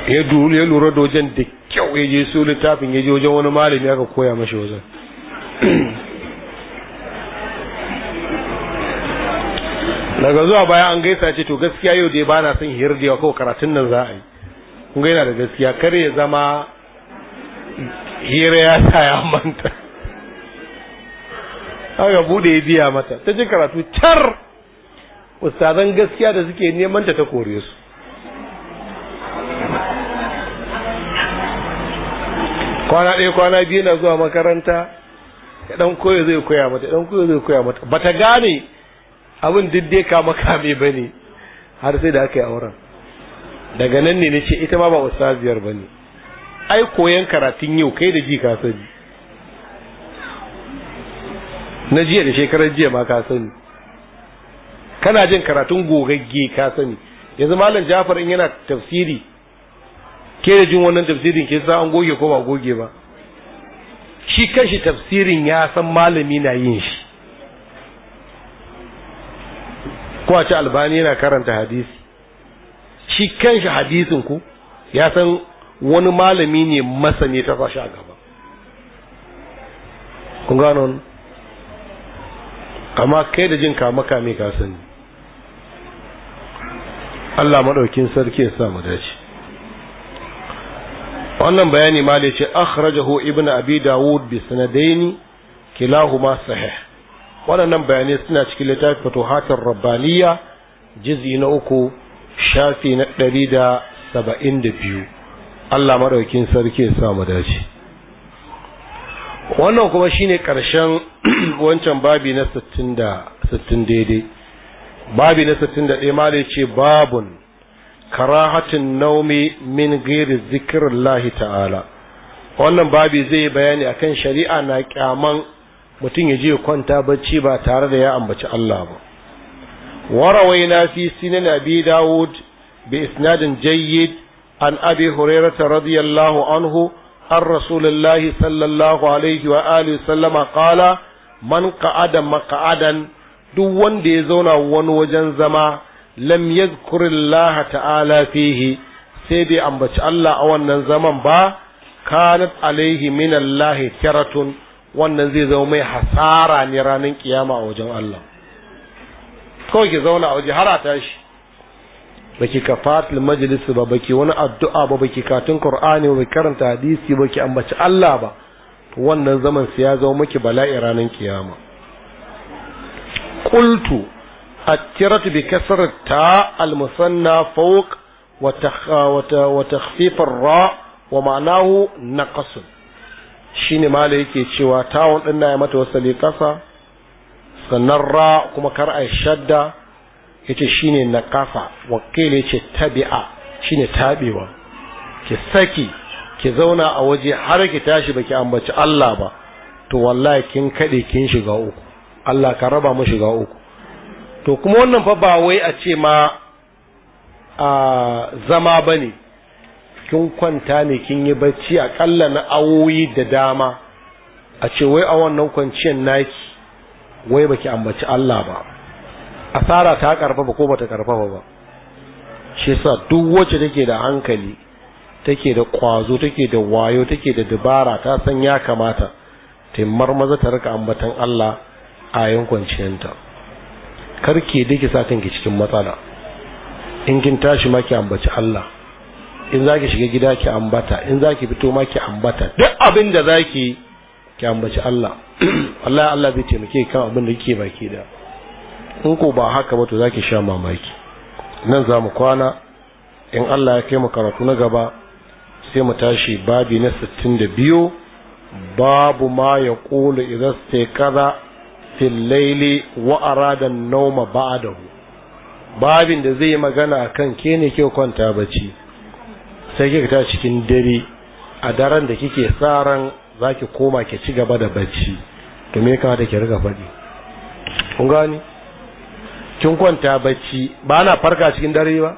ya lura da wajen da kyau ya je su littafin ya je wajen wani malami aka koya mashi wajen daga zuwa baya an gaisa ce to gaskiya yau dai ba na son hirar da yawa karatun nan za a yi kun gaina da gaskiya kar ya zama hira ya sa ya manta aka bude ya biya mata ta ji karatu car ustazan gaskiya da suke neman ta ta kore su kwana ɗaya kwana biyu na zuwa makaranta ya ɗan koyo zai koya mata ɗan koyo zai koya mata bata gane abin diddai kama kame ba ne har sai da aka yi auren daga nan ne na ce ita ma ba ustaziyar ba ne ai koyan karatun yau kai da ji ka sani na jiya da shekarar jiya ma ka sani kana jin karatun gogagge ka sani yanzu malam jafar in yana tafsiri ke da jin wannan tafsirin ke sa an goge ko ba goge ba shi kanshi tafsirin ya san malami na yin shi ko a ci albani yana karanta hadisi shi kanshi hadisin ku ya san wani malami ne masani ta fashi a gaba kun gano amma kai da jin kama kame ka sani Allah madaukin sarki ya sa mu dace wannan bayani ma ce akhrajahu ibn abi dawud bi sanadaini kilahuma sahih waɗannan bayanai suna cikin littafin fatuhatar rabbaniya jizi na uku shafi na ɗari da saba'in da biyu Allah maɗaukin sarki ya sa mu dace wannan kuma shine ƙarshen wancan babi na sittin da sittin daidai babi na sittin da ɗaya ya ce babun hatin naumi min gairi zikirin lahi ta'ala wannan babi zai bayani akan shari'a na kyaman mutum ya je kwanta bacci ba tare da ya ambaci Allah ba warawai na fi sinin abi dawud bi isnadin jayyid an abi hurairata radiyallahu anhu an rasulullahi sallallahu alaihi wa alihi sallama man qa'ada maq'adan duk wanda ya zauna wani wajen zama lam yadhkurillaha ta'ala fihi sai bai ambaci Allah a wannan zaman ba kanat alaihi minallahi karatun wannan zai zama mai hasara ne ranar kiyama a wajen Allah kawai ki zauna a waje har a tashi baki ka fatil majalis ba baki wani addu'a ba baki katun qur'ani ba karanta hadisi baki ambaci Allah ba wannan zaman su ya zama maki bala'i ranar kiyama qultu attirat bi kasrat ta al musanna fawq wa wa takhfif na ra Shi ne naqas mala yake cewa tawon ɗin na mata wasali kasa sannan ra kuma kar a shadda yace shine naqasa wakil yace tabi'a shine tabewa ki saki ki zauna a waje har ki tashi baki ambaci Allah ba to wallahi kin kade kin shiga uku Allah ka raba mu shiga uku to kuma wannan fa ba wai a ce ma a zama bane kin kwanta ne kin yi bacci akalla na awoyi da dama a ce wai a wannan kwanciyar naki wai baki ambaci Allah ba asara ta karfafa ko bata karfafa ba shi yasa duk wacce take da hankali take da kwazo take da wayo take da dabara ta san ya kamata taimar maza ta rika ambatan Allah a ciyanta karke dake sa kanki cikin matsala in kin tashi ma ki ambaci Allah in zaki shiga gida ki ambata in zaki fito ma ki ambata duk abin da zaki ki ambaci Allah wallahi Allah zai taimake kan abin da kike baki da in ko ba haka ba to zaki sha mamaki nan za mu kwana in Allah ya kai mu karatu na gaba sai mu tashi babi na sittin da biyu babu ma ya ƙulu idan sai kaza laili wa aradan nauma ba'adahu babin da zai magana akan ke ne ke kwanta bacci sai kika ta cikin dare a daren da kike tsaran zaki zaki koma ki ci gaba da bacci to me kama da riga faɗi kun gani kin kwanta bacci ba na farka cikin dare ba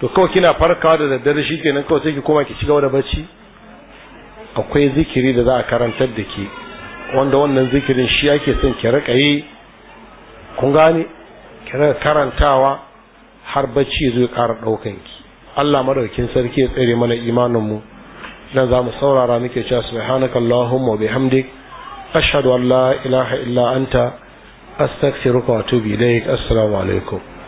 to kawai kina farkawa da daddare shi kenan kawai sai ki koma ki cigaba da bacci akwai zikiri da za a karantar da ke wanda wannan zikirin shi ake son ki raka yi kun gane ki raka karantawa har bacci zai kara daukan ki Allah madaukin sarki ya tsare mana imanin mu dan za saurara muke cewa subhanaka allahumma bihamdik ashhadu an la ilaha illa anta astaghfiruka wa atubu ilaik assalamu alaikum